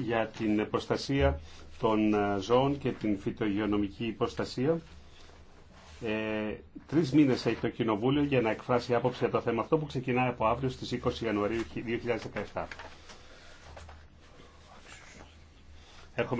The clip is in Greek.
για την προστασία των ε, ζώων και την φυτογειονομική προστασία. Ε, Τρει μήνε έχει το Κοινοβούλιο για να εκφράσει άποψη για το θέμα αυτό που ξεκινάει από αύριο στι 20 Ιανουαρίου 2017.